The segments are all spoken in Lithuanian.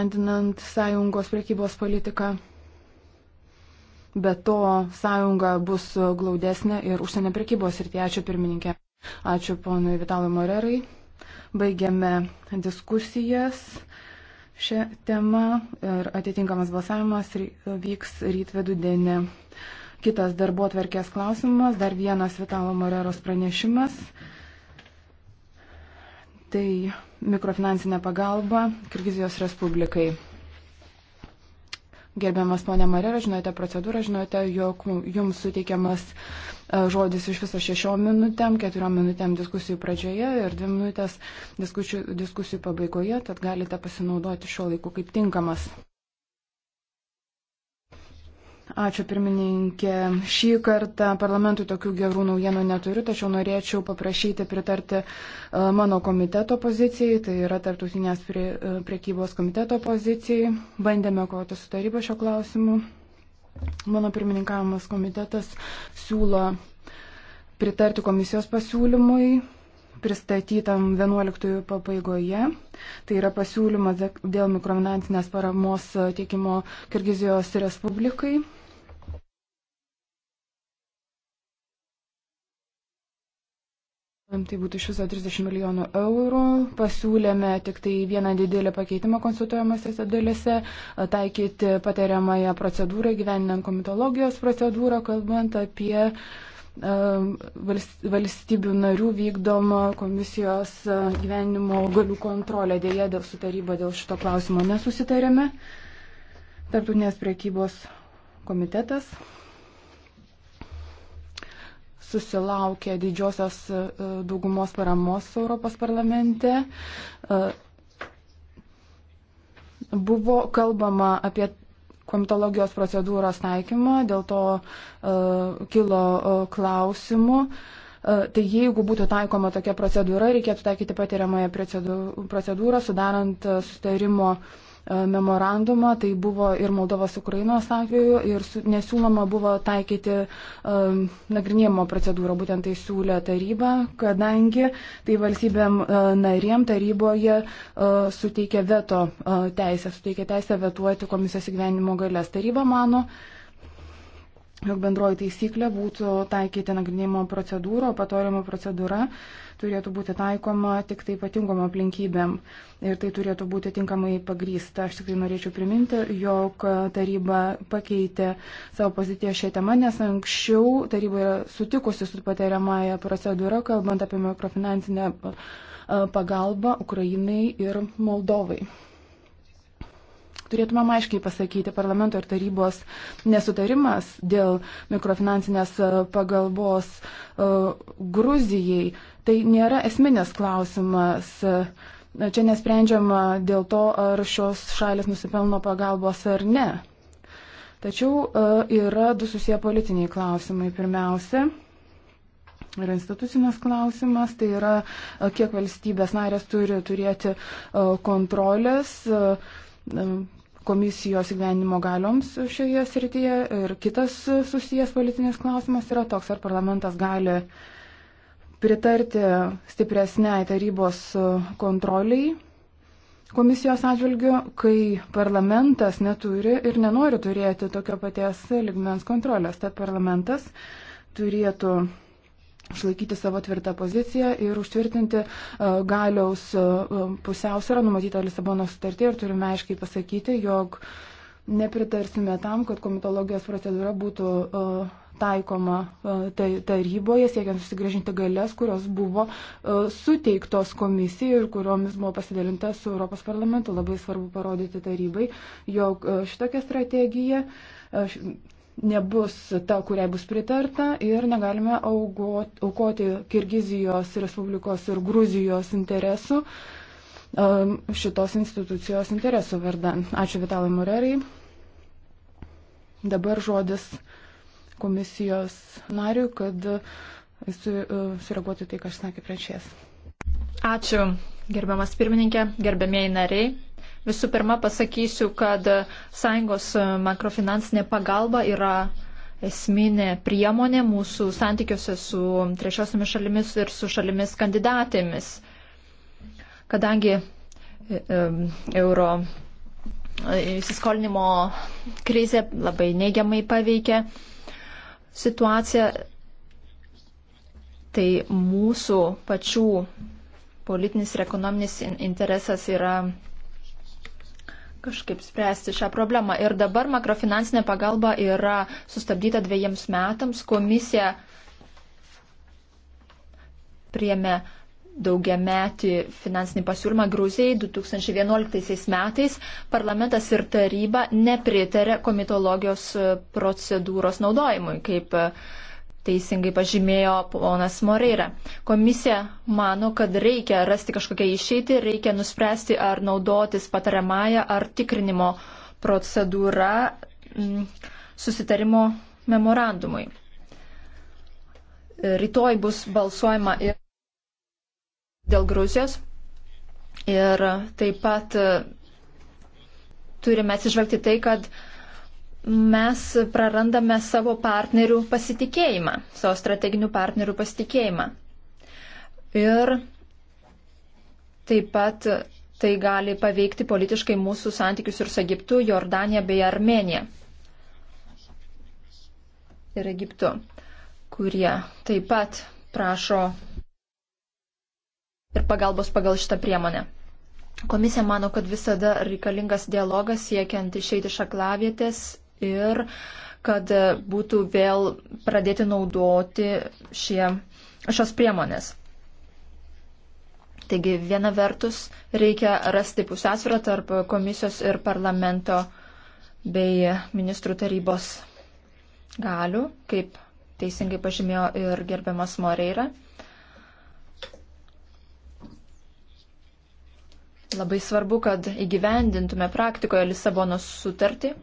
Antinant sąjungos priekybos politiką. Be to, sąjunga bus glaudesnė ir užsienio priekybos ir tie ačiū pirmininkė. Ačiū ponui Vitalui Morerai. Baigiame diskusijas šią temą ir atitinkamas balsavimas vyks ryt vidudienį. Kitas darbo atverkės klausimas, dar vienas Vitalo Moreros pranešimas tai mikrofinansinė pagalba Kirgizijos Respublikai. Gerbiamas ponė Marera, žinote procedūrą, žinote, jog jums suteikiamas e, žodis iš viso šešiom minutėm, keturiom minutėm diskusijų pradžioje ir dvi minutės diskusijų, diskusijų pabaigoje, tad galite pasinaudoti šiuo laiku kaip tinkamas. Ačiū pirmininkė. Šį kartą parlamentui tokių gerų naujienų neturiu, tačiau norėčiau paprašyti pritarti e, mano komiteto pozicijai, tai yra tarptautinės prie, e, priekybos komiteto pozicijai. Bandėme kovoti su taryba šio klausimu. Mano pirmininkavimas komitetas siūlo pritarti komisijos pasiūlymui pristatytam 11 pabaigoje. Tai yra pasiūlymas dėl mikrofinansinės paramos teikimo Kirgizijos Respublikai. Tai būtų iš viso 30 milijonų eurų. Pasiūlėme tik tai vieną didelį pakeitimą konsultuojamosiose dalise, taikyti patariamąją procedūrą, gyveninant komitologijos procedūrą, kalbant apie uh, Um, valstybių narių vykdoma komisijos uh, gyvenimo galių kontrolė. Dėja, dėl su taryba dėl šito klausimo nesusitarėme. Tartutinės priekybos komitetas susilaukė didžiosios uh, daugumos paramos Europos parlamente. Uh, buvo kalbama apie komitologijos procedūros taikymą, dėl to uh, kilo uh, klausimų. Uh, tai jeigu būtų taikoma tokia procedūra, reikėtų taikyti patiriamąją procedūrą, sudarant uh, sustarimo uh, E, memorandumą, tai buvo ir Moldovos Ukrainos atveju, ir nesiūloma buvo taikyti um, nagrinėjimo procedūrą, būtent tai siūlė taryba, kadangi tai valstybėm uh, narėm taryboje uh, suteikia veto uh, teisę, suteikia teisę vetuoti komisijos įgyvenimo galės. Taryba mano, jog bendroji taisyklė būtų taikyti nagrinėjimo procedūrą, patorimo procedūrą. Uh, turėtų būti taikoma tik tai ypatingom aplinkybėm ir tai turėtų būti tinkamai pagrysta. Aš tikrai norėčiau priminti, jog taryba pakeitė savo poziciją šią temą, nes anksčiau taryba yra sutikusi su patariamąją procedūrą, kalbant apie mikrofinansinę e, pagalbą Ukrainai ir Moldovai. Turėtume aiškiai pasakyti, parlamento ir tarybos nesutarimas dėl mikrofinansinės e, pagalbos e, Gruzijai, tai nėra esminės klausimas. E, čia nesprendžiama dėl to, ar šios šalis nusipelno pagalbos ar ne. Tačiau yra du susiję politiniai klausimai. Pirmiausia, yra institucinis klausimas, tai yra, kiek valstybės narės turi turėti kontrolės komisijos gyvenimo galioms šioje srityje. Ir kitas susijęs politinis klausimas yra toks, ar parlamentas gali pritarti stipresniai tarybos kontroliai komisijos atžvilgiu, kai parlamentas neturi ir nenori turėti tokio paties ligmens kontrolės. Tad parlamentas turėtų išlaikyti savo tvirtą poziciją ir užtvirtinti e, galiaus e, pusiausvyrą numatytą Lisabono sutartį ir turime aiškiai pasakyti, jog nepritarsime tam, kad komitologijos procedūra būtų e, taikoma taryboje, siekiant susigražinti galės, kurios buvo suteiktos komisijai ir kuriomis buvo pasidalinta su Europos parlamentu. Labai svarbu parodyti tarybai, jog šitokia strategija nebus ta, kuriai bus pritarta ir negalime augot, aukoti Kirgizijos Respublikos ir Gruzijos interesų um, šitos institucijos interesų vardan. Ačiū Vitalai Morerai. Dabar žodis komisijos nariu, kad uh, uh, sureaguotų tai, ką aš sakė prieš jas. Ačiū, gerbiamas pirmininkė, gerbėmieji nariai. Visų pirma, pasakysiu, kad sąjungos makrofinansinė pagalba yra esminė priemonė mūsų santykiuose su trečiosiomis šalimis ir su šalimis kandidatėmis. Kadangi e, e, euro įsiskolinimo krizė labai neigiamai paveikė situaciją, tai mūsų pačių politinis ir ekonominis interesas yra kažkaip spręsti šią problemą. Ir dabar makrofinansinė pagalba yra sustabdyta dviejiems metams. Komisija priėmė daugiametį finansinį pasiūlymą Gruzijai 2011 metais. Parlamentas ir taryba nepritarė komitologijos procedūros naudojimui kaip uh, teisingai pažymėjo ponas Moreira. Komisija mano, kad reikia rasti kažkokią išeitį, reikia nuspręsti, ar naudotis patariamąją ar tikrinimo procedūrą mm, susitarimo memorandumui. Rytoj bus balsuojama ir dėl Gruzijos ir taip pat e, turime atsižvelgti tai, kad uh, mes prarandame savo partnerių pasitikėjimą, savo strateginių partnerių pasitikėjimą. Ir taip pat tai gali paveikti politiškai mūsų santykius ir su Egiptu, Jordanija bei Armenija. Ir Egiptu, kurie taip pat prašo ir pagalbos pagal šitą priemonę. Komisija mano, kad visada reikalingas dialogas siekiant išeiti iš aklavietės ir kad būtų vėl pradėti naudoti šie, šios priemonės. Taigi viena vertus reikia rasti pusiausvyrą tarp komisijos ir parlamento bei ministrų tarybos galių, kaip teisingai pažymėjo ir gerbiamas Moreira. Labai svarbu, kad įgyvendintume praktikoje Lisabonos sutartį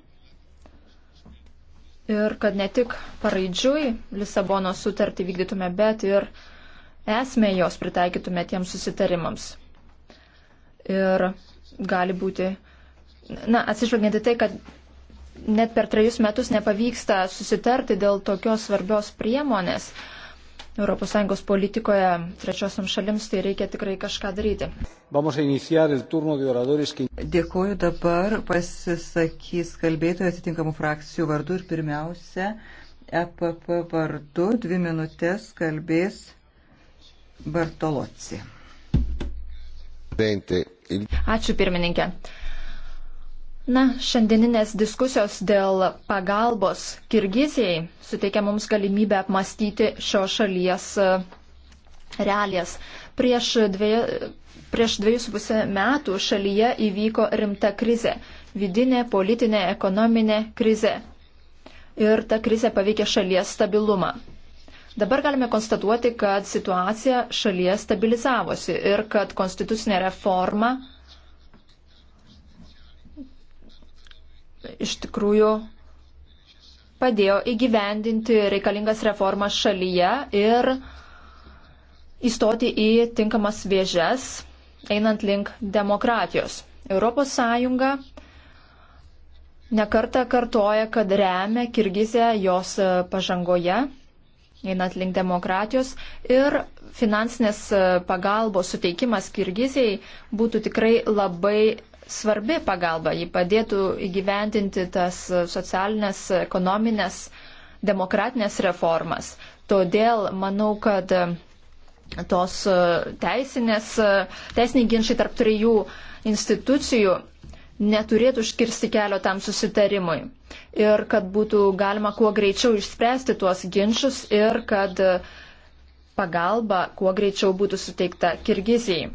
ir kad ne tik paraidžiui Lisabono sutartį vykdytume, bet ir esmę jos pritaikytume tiems susitarimams. Ir gali būti, na, atsižvelgiant į tai, kad net per trejus metus nepavyksta susitarti dėl tokios svarbios priemonės, uh, ES politikoje trečiosiam šalims, tai reikia tikrai kažką daryti. Dėkuoju dabar, pasisakys kalbėtojai atitinkamų frakcijų vardu ir pirmiausia, EPP vardu dvi minutės kalbės Bartoloci. Ačiū pirmininkė. Na, šiandieninės diskusijos dėl pagalbos Kirgizijai suteikia mums galimybę apmastyti šio šalies e, realijas. Prieš, dvie, prieš dviejus pusę metų šalyje įvyko rimta krizė - vidinė, politinė, ekonominė krizė. Ir ta krizė paveikė šalies stabilumą. Dabar galime konstatuoti, kad situacija šalyje stabilizavosi ir kad konstitucinė reforma iš tikrųjų padėjo įgyvendinti reikalingas reformas šalyje ir įstoti į tinkamas vėžes, einant link demokratijos. ES nekarta kartoja, kad remia Kirgizę jos pažangoje, einant link demokratijos ir finansinės pagalbos suteikimas Kirgizijai būtų tikrai labai svarbi pagalba, ji padėtų įgyventinti tas socialinės, ekonominės, demokratinės reformas. Todėl manau, kad tos teisinės, teisiniai ginčiai tarp trijų institucijų neturėtų užkirsti kelio tam susitarimui. Ir kad būtų galima kuo greičiau išspręsti tuos ginčius ir kad pagalba kuo greičiau būtų suteikta Kirgizijai.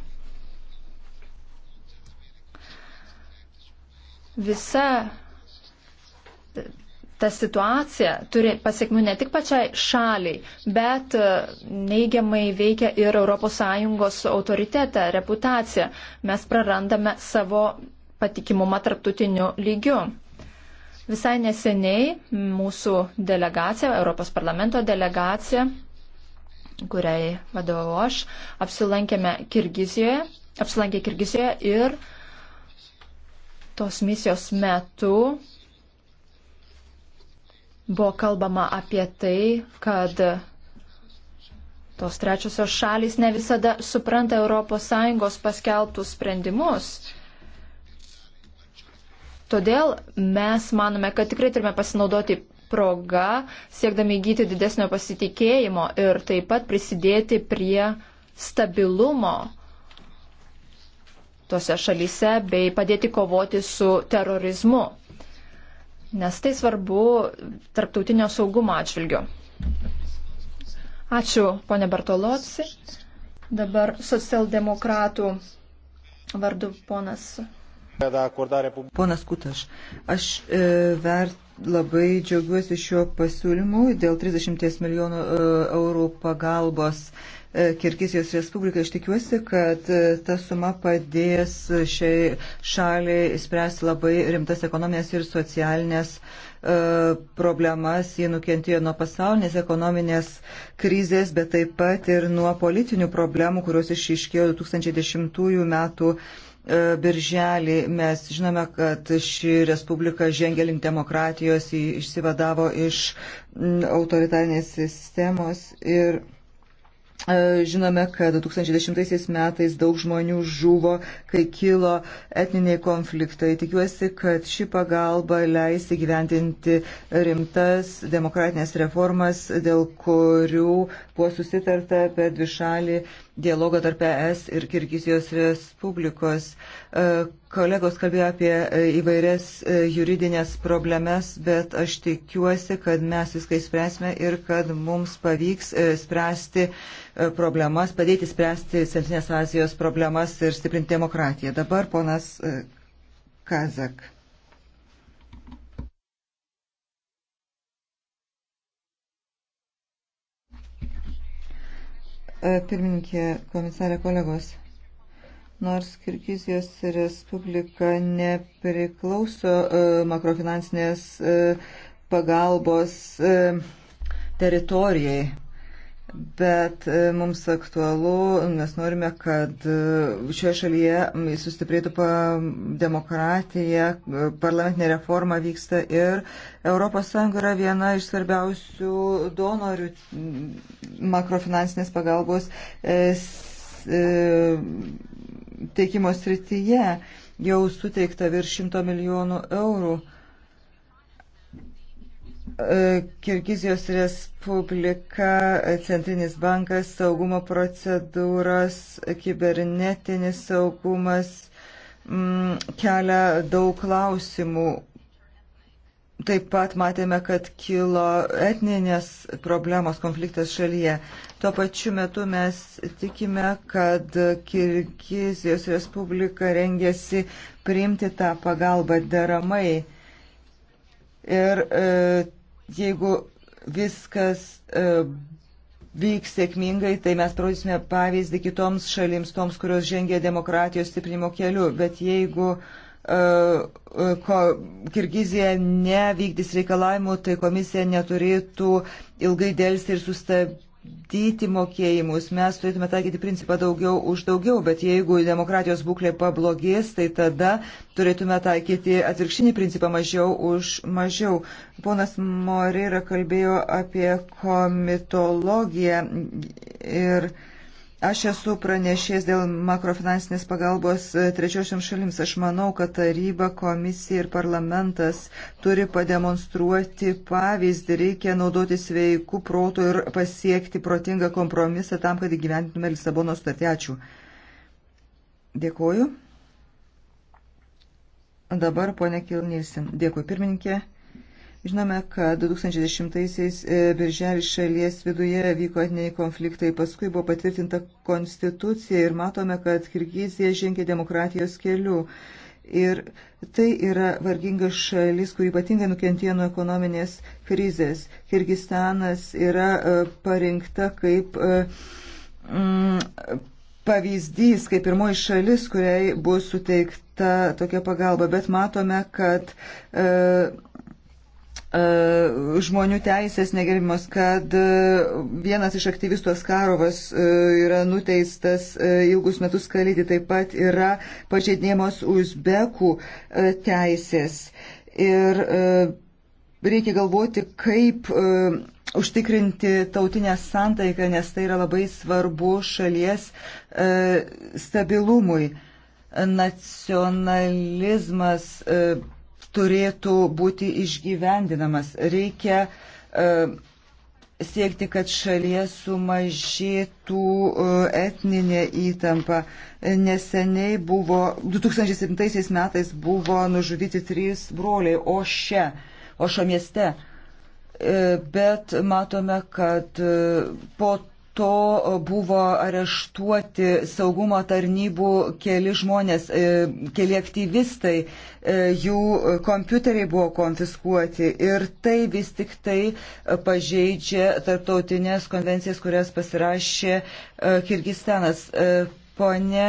visa ta situacija turi pasiekmių ne tik pačiai šaliai, bet e, neigiamai veikia ir ES autoritetą, reputaciją. Mes prarandame savo patikimumą tarptautiniu lygiu. Visai neseniai mūsų delegacija, Europos parlamento delegacija, kuriai vadovau aš, apsilankėme Kirgizijoje, apsilankė Kirgizijoje ir Tos misijos metu buvo kalbama apie tai, kad tos trečiosios šalis ne visada supranta ES paskelbtus sprendimus. Todėl mes manome, kad tikrai turime pasinaudoti progą, siekdami įgyti didesnio pasitikėjimo ir taip pat prisidėti prie stabilumo tuose šalyse bei padėti kovoti su terorizmu. Nes tai svarbu tarptautinio saugumo atžvilgiu. Ačiū, ponė Bartolotsi. Dabar socialdemokratų vardu ponas. Ponas Kutaš, aš e, vert, labai džiaugiuosi šiuo pasiūlymu dėl 30 milijonų e, eurų pagalbos E, Kirgizijos Respublikai. Aš tikiuosi, kad e, ta suma padės šiai šaliai spręsti labai rimtas ekonominės ir socialinės e, problemas. Jie nukentėjo nuo pasaulinės ekonominės krizės, bet taip pat ir nuo politinių problemų, kurios išiškėjo 2010 metų birželį mes žinome, kad ši respublika žengė link demokratijos, išsivadavo iš autoritarinės sistemos ir E, žinome, kad 2010 metais daug žmonių žuvo, kai kilo etniniai konfliktai. Tikiuosi, kad ši pagalba leis įgyventinti rimtas demokratinės reformas, dėl kurių buvo susitarta per dvišalį dialogą tarp ES ir Kirgizijos Respublikos. E, kolegos kalbėjo apie e, įvairias e, juridinės problemas, bet aš tikiuosi, kad mes viską įspręsime ir kad mums pavyks spręsti problemas, padėti spręsti Centrinės Azijos problemas ir stiprinti demokratiją. Dabar ponas Kazak. E, pirmininkė, komisarė kolegos. Nors Kirgizijos Respublika nepriklauso e, makrofinansinės e, pagalbos teritorijai, bet e, mums aktualu, nes norime, kad e, šioje šalyje sustiprėtų demokratija, e, parlamentinė reforma vyksta ir ES yra viena iš svarbiausių donorių makrofinansinės pagalbos teikimo srityje. Jau suteikta virš 100 milijonų eurų E, Kirgizijos Respublika, e, Centrinis bankas, saugumo procedūros, kibernetinis saugumas m, mm, kelia daug klausimų. Taip pat matėme, kad kilo etninės problemos konfliktas šalyje. Tuo pačiu metu mes tikime, kad Kirgizijos Respublika rengėsi priimti tą pagalbą deramai. Ir e, Jeigu viskas e, vyks sėkmingai, tai mes parodysime pavyzdį kitoms šalims, toms, kurios žengia demokratijos stiprinimo keliu. Bet jeigu uh, ko, Kirgizija nevykdys reikalavimų, tai komisija neturėtų ilgai dėlsti ir sustab, stabdyti mokėjimus. Mes turėtume taikyti principą daugiau už daugiau, bet jeigu demokratijos būklė pablogės, tai tada turėtume taikyti atvirkštinį principą mažiau už mažiau. Ponas Moreira kalbėjo apie komitologiją ir Aš esu pranešęs dėl makrofinansinės pagalbos e, trečiosiam šalims. Aš manau, kad taryba, komisija ir parlamentas turi pademonstruoti pavyzdį. Reikia naudoti sveikų protų ir pasiekti protingą kompromisą tam, kad įgyventume Lisabono statį. Ačiū. Dėkuoju. Dabar ponia Kilnilsin. Dėkui pirmininkė. Žinome, kad 2010-aisiais e, birželį šalies viduje vyko etiniai konfliktai, paskui buvo patvirtinta konstitucija ir matome, kad Kirgizija žengė demokratijos keliu. Ir tai yra varginga šalis, kur ypatingai nukentėjo nuo ekonominės krizės. Kirgistanas yra e, parinkta kaip e, mm, pavyzdys, kaip pirmoji šalis, kuriai bus suteikta tokia pagalba, bet matome, kad mm, E, žmonių teisės negerimas, kad e, vienas iš aktyvistų Askarovas e, yra nuteistas ilgus metus kalėti, taip pat yra pažeidinėjamos uzbekų teisės. Ir reikia galvoti, kaip užtikrinti tautinę santaiką, nes tai yra labai svarbu šalies stabilumui. Nacionalizmas turėtų būti išgyvendinamas. Reikia uh, siekti, kad šalyje sumažėtų e, etninė įtampa. Neseniai buvo, 2007 metais buvo nužudyti trys broliai Oše, Ošo mieste. E, bet matome, kad po to buvo areštuoti saugumo tarnybų keli žmonės, e, keli aktyvistai, e, jų kompiuteriai buvo konfiskuoti ir tai vis tik tai pažeidžia tarptautinės konvencijas, kurias pasirašė e, Kirgistanas. Pone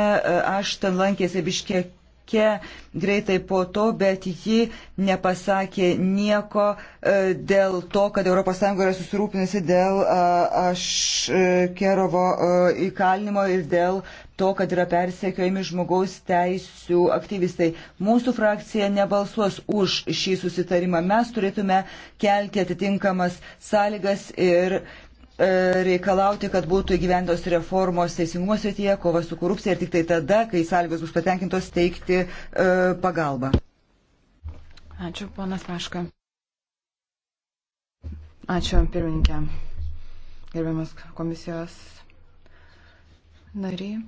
Aštan lankėsi biškiek pasakė greitai po to, bet ji nepasakė nieko e, dėl to, kad ES yra susirūpinusi dėl e, Aškerovo e, įkalinimo ir dėl to, kad yra persekiojami žmogaus teisų aktyvistai. Mūsų frakcija nebalsuos už šį susitarimą. Mes turėtume kelti atitinkamas sąlygas ir uh, E, reikalauti, kad būtų įgyventos reformos teisingumo srityje, kova su korupcija ir tik tai tada, kai sąlygos bus patenkintos, teikti e, pagalbą. Ačiū, ponas Paška. Ačiū, pirmininkė. Gerbiamas komisijos nariai.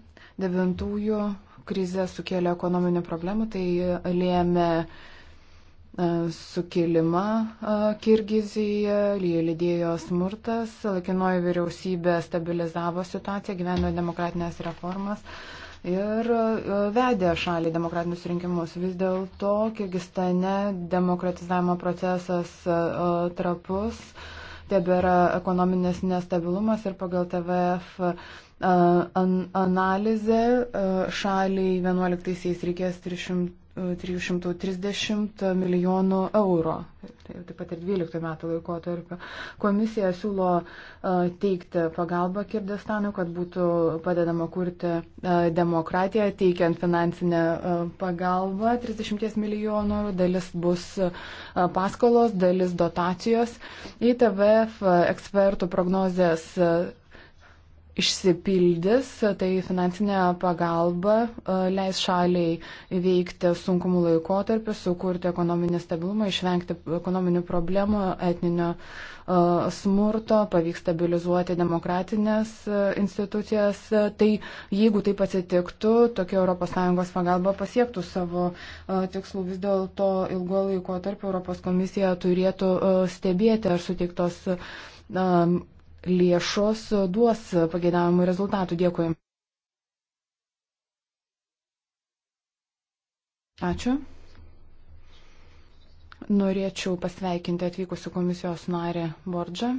Devintųjų krizė sukėlė ekonominių problemų, tai lėmė E, sukilimą e, Kirgizijoje, lydėjo smurtas, laikinoji vyriausybė stabilizavo situaciją, gyveno demokratinės reformas ir e, vedė šalį demokratinius rinkimus. Vis dėlto Kirgistane demokratizavimo procesas trapus, tebėra ekonominis nestabilumas ir pagal TVF analizę šaliai 11-aisiais reikės 300 330 milijonų eurų. Tai taip pat ir 12 metų laikotarpio. Komisija siūlo e, teikti pagalbą Kirdistanui, kad būtų padedama kurti e, demokratiją, teikiant finansinę e, pagalbą 30 milijonų eurų. Dalis bus paskolos, dalis dotacijos. ITVF ekspertų prognozės išsipildys, tai finansinė pagalba e, leis šaliai įveikti sunkumų laikotarpį, sukurti ekonominį stabilumą, išvengti ekonominių problemų, etninio e, smurto, pavyks stabilizuoti demokratinės e, institucijas. Tai jeigu taip atsitiktų, tokia ES pagalba pasiektų savo tikslų. Vis dėlto ilgo laikotarpį ES komisija turėtų stebėti, ar suteiktos lėšos duos pageidavimų rezultatų. Dėkui. Ačiū. Norėčiau pasveikinti atvykusių komisijos narį Bordžą.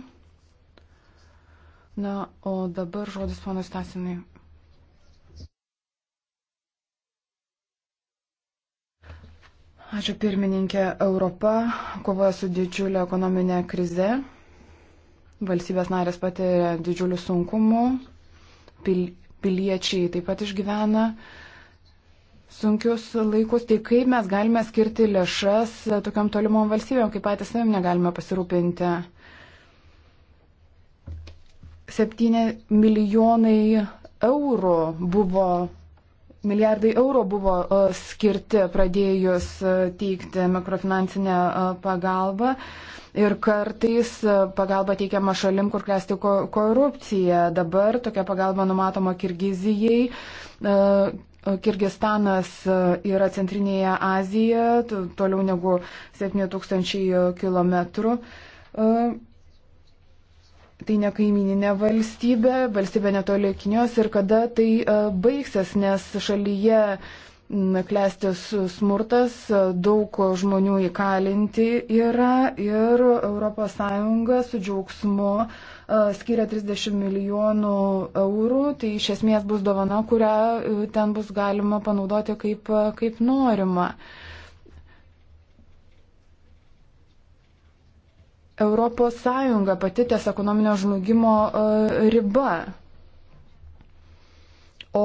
Na, o dabar žodis ponui Stasinui. Ačiū pirmininkė. Europa kovoja su didžiulė ekonominė krize. Valstybės narės patiria didžiulių sunkumų, pil, piliečiai taip pat išgyvena sunkius laikus, tai kaip mes galime skirti lėšas tokiam tolimom valstybėm, kaip patys savim negalime pasirūpinti. 7 milijonai eurų buvo milijardai eurų buvo e, skirti pradėjus e, teikti mikrofinansinę e, pagalbą ir kartais pagalba teikiama šalim, kur klesti korupcija. Dabar tokia pagalba numatoma Kirgizijai. Kirgistanas yra Centrinėje Azijoje, toliau negu 7000 km tai ne kaimininė valstybė, valstybė netoli Kinijos ir kada tai e, baigsis, nes šalyje klestis smurtas, e, daug žmonių įkalinti yra ir ES su džiaugsmu e, skiria 30 milijonų eurų, tai iš esmės bus dovana, kurią ten bus galima panaudoti kaip, kaip norima. Europos Sąjunga pati ties ekonominio žlugimo e, riba. O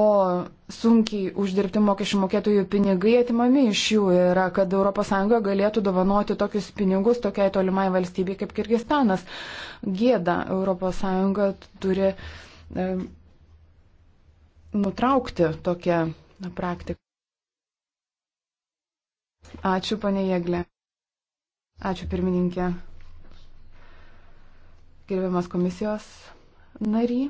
sunkiai uždirbti mokesčių mokėtojų pinigai atimami iš jų yra, kad ES galėtų dovanoti tokius pinigus tokiai tolimai valstybei kaip Kirgistanas. Gėda ES turi e, nutraukti tokią praktiką. Ačiū, panė Jėglė. Ačiū, pirmininkė gerbiamas komisijos nary.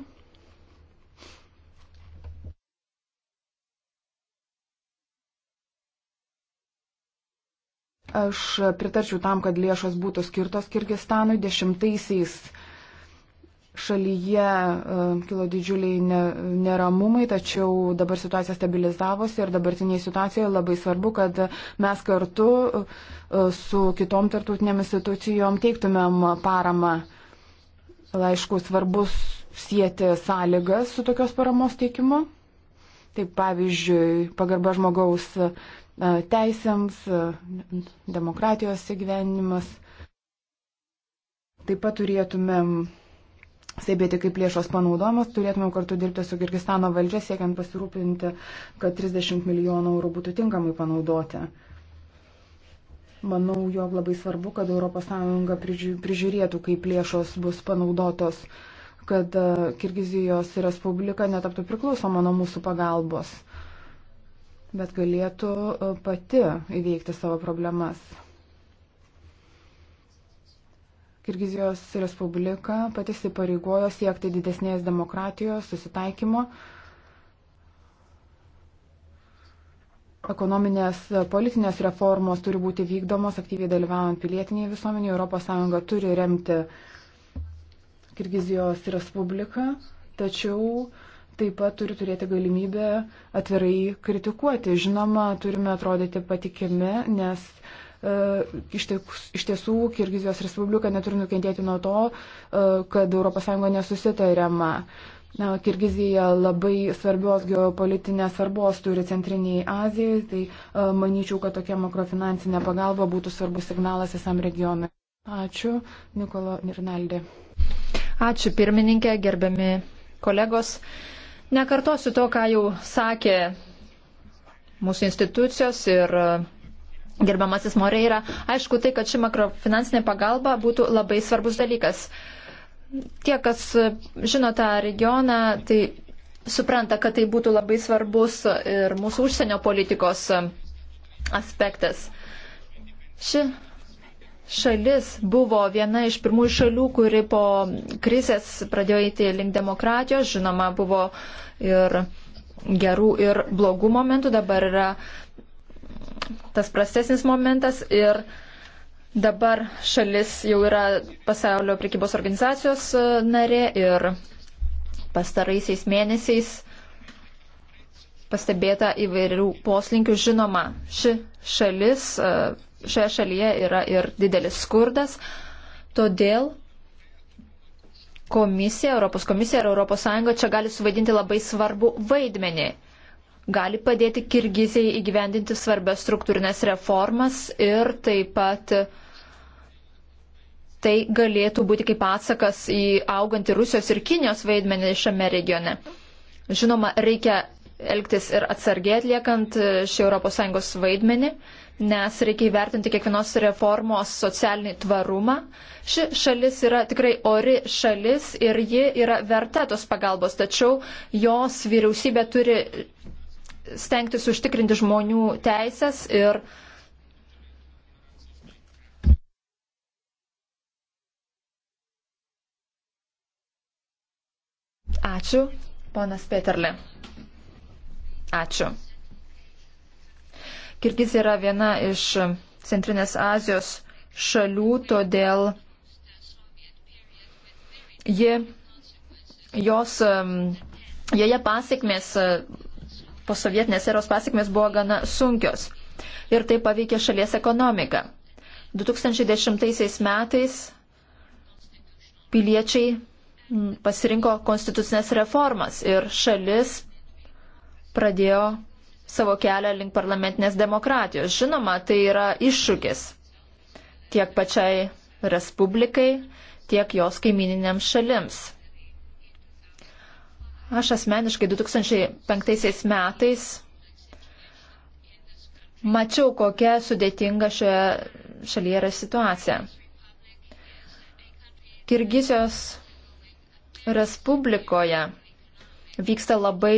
Aš pritarčiau tam, kad lėšos būtų skirtos Kirgistanui. Dešimtaisiais šalyje e, kilo didžiuliai neramumai, tačiau dabar situacija stabilizavosi ir dabartinėje situacijoje labai svarbu, kad mes kartu e, su kitom tartutinėm institucijom teiktumėm paramą Laišku, svarbus sieti sąlygas su tokios paramos teikimu. Taip pavyzdžiui, pagarba žmogaus e, teisėms, e, demokratijos įgyvenimas. Taip pat turėtumėm stebėti, kaip lėšos panaudomas, turėtumėm kartu dirbti su Kirgistano valdžia, siekiant pasirūpinti, kad 30 milijonų eurų būtų tinkamai panaudoti. Manau, jog labai svarbu, kad ES prižiūrėtų, kaip lėšos bus panaudotos, kad e, Kirgizijos Respublika netaptų priklausoma nuo mūsų pagalbos, bet galėtų e, pati įveikti savo problemas. Kirgizijos Respublika pati įsipareigojo siekti didesnės demokratijos, susitaikymo Ekonominės e, politinės reformos turi būti vykdomos aktyviai dalyvaujant pilietiniai visuomeniai. ES turi remti Kirgizijos Respubliką, tačiau taip pat turi turėti galimybę atvirai kritikuoti. Žinoma, turime atrodyti patikimi, nes e, iš, tieks, iš tiesų Kirgizijos Respublika neturi nukentėti nuo to, e, kad ES nesusitariama. E, Na, Kirgizija labai svarbios geopolitinės svarbos turi Centriniai Azijai, tai uh, manyčiau, kad tokia makrofinansinė pagalba būtų svarbus signalas visam regionui. Ačiū, Nikolo Nirnaldė. Ačiū pirmininkė, gerbiami kolegos. Nekartosiu to, ką jau sakė mūsų institucijos ir e, gerbiamasis Moreira. Aišku, tai, kad ši makrofinansinė pagalba būtų labai svarbus dalykas. Uh, Tie, kas e, žino tą regioną, tai supranta, kad tai būtų labai svarbus ir mūsų užsienio politikos e, aspektas. Ši šalis buvo viena iš pirmųjų šalių, kuri po krizės pradėjo eiti link demokratijos. Žinoma, buvo ir gerų ir blogų momentų, dabar yra tas prastesnis momentas ir uh, Dabar šalis jau yra pasaulio prekybos organizacijos e, narė ir pastaraisiais mėnesiais pastebėta įvairių poslinkių. Žinoma, ši šalis, e, šioje šalyje yra ir didelis skurdas, todėl komisija, Europos komisija ir Europos Sąjunga čia gali suvaidinti labai svarbu vaidmenį gali padėti Kirgizijai įgyvendinti svarbias struktūrinės reformas ir taip pat tai galėtų būti kaip atsakas į augantį Rusijos ir Kinijos vaidmenį šiame regione. Žinoma, reikia elgtis ir atsargiai atliekant šį ES vaidmenį, nes reikia įvertinti kiekvienos reformos socialinį tvarumą. Ši šalis yra tikrai ori šalis ir ji yra verta tos pagalbos, tačiau jos vyriausybė turi stengtis užtikrinti žmonių teisės ir uh, Ačiū, ponas Peterle. Ačiū. Kirgizija yra viena iš Centrinės Azijos šalių, todėl ji, jos, joje pasiekmės, posovietinės eros pasiekmės buvo gana sunkios ir tai paveikė šalies ekonomiką. 2010 metais piliečiai pasirinko konstitucinės reformas ir šalis pradėjo savo kelią link parlamentinės demokratijos. Žinoma, tai yra iššūkis tiek pačiai Respublikai, tiek jos kaimininėms šalims. Aš asmeniškai 2005 metais mačiau, kokia sudėtinga šioje šalyje yra situacija. Kirgizijos Respublikoje vyksta labai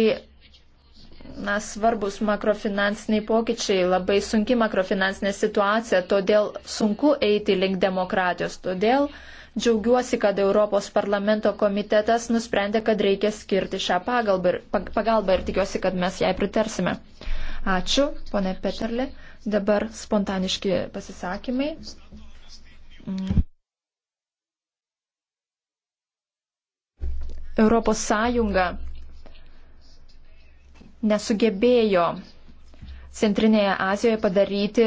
na, svarbus makrofinansiniai pokyčiai, labai sunki makrofinansinė situacija, todėl sunku eiti link demokratijos. Todėl džiaugiuosi, kad Europos parlamento komitetas nusprendė, kad reikia skirti šią pagalbą ir, pagalbą ir tikiuosi, kad mes jai pritarsime. Ačiū, ponė Peterli. Dabar spontaniški pasisakymai. Mm. ES nesugebėjo Centrinėje Azijoje padaryti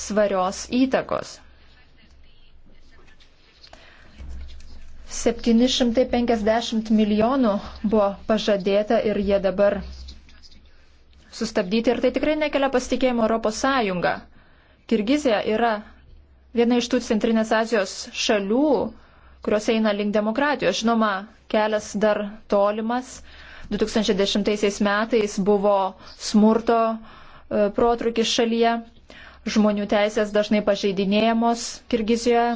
svarios įtakos. 750 milijonų buvo pažadėta ir jie dabar sustabdyti ir tai tikrai nekelia pasitikėjimo Europos Sąjunga. Kirgizija yra viena iš tų Centrinės Azijos šalių, kurios eina link demokratijos. Žinoma, kelias dar tolimas. 2010 metais buvo smurto e, protrukis šalyje, žmonių teisės dažnai pažeidinėjamos Kirgizijoje.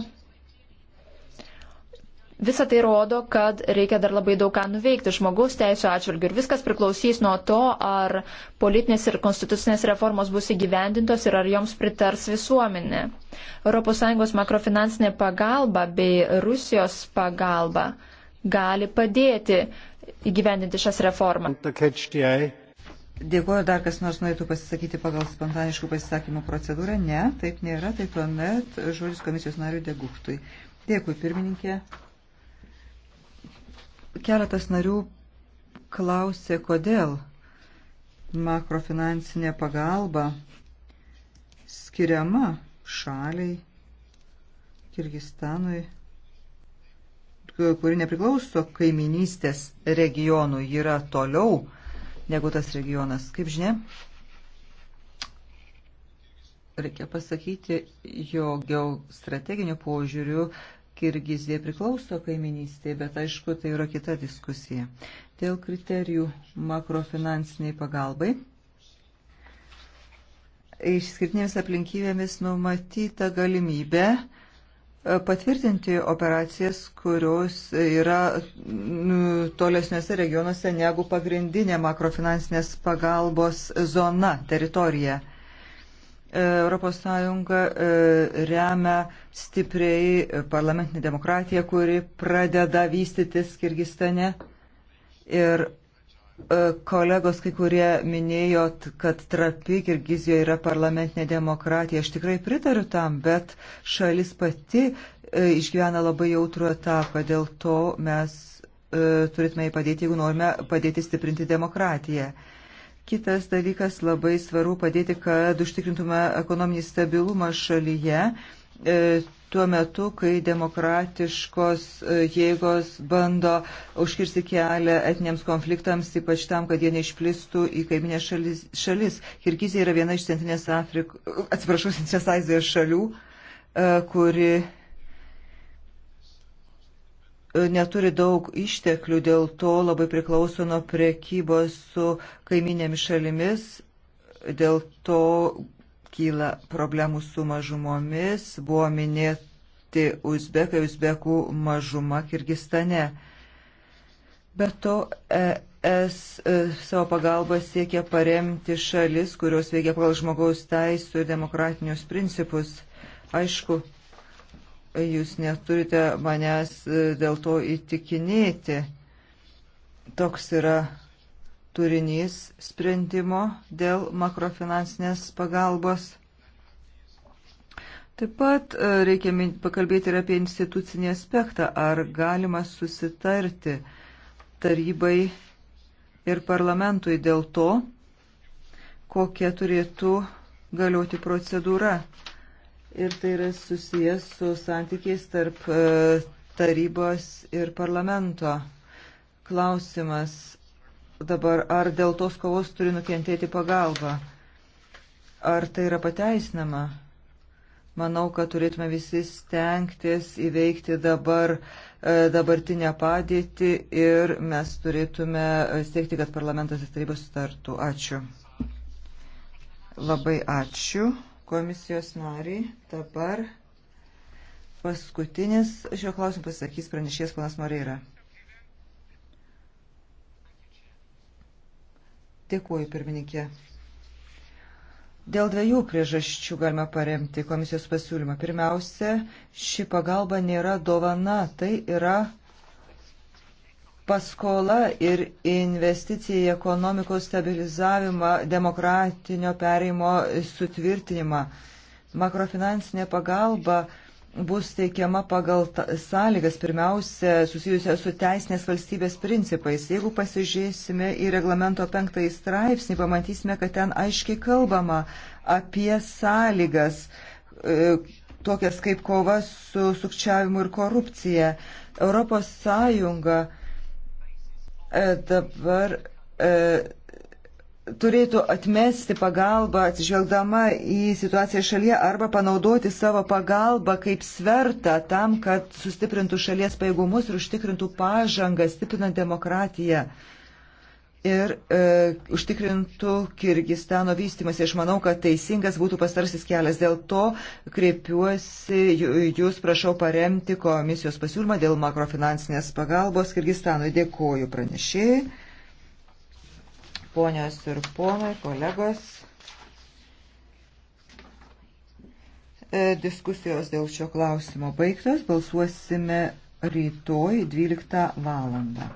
Visą tai rodo, kad reikia dar labai daug ką nuveikti žmogaus teisų atžvilgių ir viskas priklausys nuo to, ar politinės ir konstitucinės reformos bus įgyvendintos ir ar joms pritars visuomenė. ES makrofinansinė pagalba bei Rusijos pagalba gali padėti įgyvendinti šias reformas. Dėkuoju, dar kas nors norėtų pasisakyti pagal spontaniškų pasisakymų procedūrą. Ne, taip nėra, tai tuomet žodis komisijos nariui Deguhtui. Dėkui, pirmininkė. Keletas narių klausė, kodėl makrofinansinė pagalba skiriama šaliai, Kirgistanui, kuri nepriklauso kaiminystės regionų, yra toliau negu tas regionas. Kaip žinia, reikia pasakyti, jo geostrateginių požiūrių Kirgizija priklauso kaiminystėje, bet aišku, tai yra kita diskusija. Dėl kriterijų makrofinansiniai pagalbai. Išskirtinėmis aplinkybėmis numatyta galimybė e, patvirtinti operacijas, kurios yra tolesniuose regionuose negu pagrindinė makrofinansinės pagalbos zona, teritorija. ES e, remia stipriai parlamentinę demokratiją, kuri pradeda vystytis Kirgistane. Ir e, kolegos, kai kurie minėjot, kad trapi Kirgizijoje yra parlamentinė demokratija. Aš tikrai pritariu tam, bet šalis pati e, išgyvena labai jautrų etapą. Dėl to mes turėtume jai padėti, jeigu norime padėti stiprinti demokratiją. Kitas dalykas labai svarbu padėti, kad užtikrintume ekonominį stabilumą šalyje e, tuo metu, kai demokratiškos e, jėgos bando užkirsti kelią etiniams konfliktams, ypač tam, kad jie neišplistų į kaiminę šalis. šalis. Kirgizija yra viena iš Centrinės Afrikos, atsiprašau, Centrinės Azijos šalių, e, kuri neturi daug išteklių, dėl to labai priklauso nuo priekybos su kaiminėmis šalimis, dėl to kyla problemų su mažumomis, buvo minėti uzbekai, uzbekų mažuma Kirgistane. Be to, ES e, savo pagalbą siekia paremti šalis, kurios veikia pagal žmogaus teisų ir demokratinius principus. Aišku, jūs neturite manęs e, dėl to įtikinėti. Toks yra turinys sprendimo dėl makrofinansinės pagalbos. Taip pat e, reikia pakalbėti ir apie institucinį aspektą, ar galima susitarti tarybai ir parlamentui dėl to, kokia turėtų galioti procedūra ir tai yra susijęs su santykiais tarp e, tarybos ir parlamento. Klausimas dabar, ar dėl tos kovos turi nukentėti pagalba? Ar tai yra pateisinama? Manau, kad turėtume visi stengtis įveikti dabar e, dabartinę padėtį ir mes turėtume siekti, kad parlamentas ir taryba sutartų. Ačiū. Labai ačiū komisijos nariai. Dabar paskutinis šio klausimu pasakys pranešėjas panas Moreira. Dėkuoju, pirmininkė. Dėl dviejų priežasčių galima paremti komisijos pasiūlymą. Pirmiausia, ši pagalba nėra dovana, tai yra paskola ir investicija į ekonomikos stabilizavimą, demokratinio pereimo sutvirtinimą. Makrofinansinė pagalba bus teikiama pagal sąlygas, pirmiausia, susijusia su teisinės valstybės principais. Jeigu pasižiūrėsime į reglamento penktąjį straipsnį, pamatysime, kad ten aiškiai kalbama apie sąlygas, e, tokias kaip kova su sukčiavimu ir korupcija. Europos Sąjunga E, dabar e, turėtų atmesti pagalbą atsižvelgdama į situaciją šalyje arba panaudoti savo pagalbą kaip svertą tam, kad sustiprintų šalies pajėgumus ir užtikrintų pažangą, stiprinant demokratiją ir e, užtikrintų Kirgistano vystimas. Aš manau, kad teisingas būtų pastarsis kelias. Dėl to kreipiuosi, jūs prašau paremti komisijos pasiūlymą dėl makrofinansinės pagalbos Kirgistanui. Dėkuoju pranešėjai. Ponios ir ponai, kolegos. E, diskusijos dėl šio klausimo baigtos. Balsuosime rytoj 12 valandą.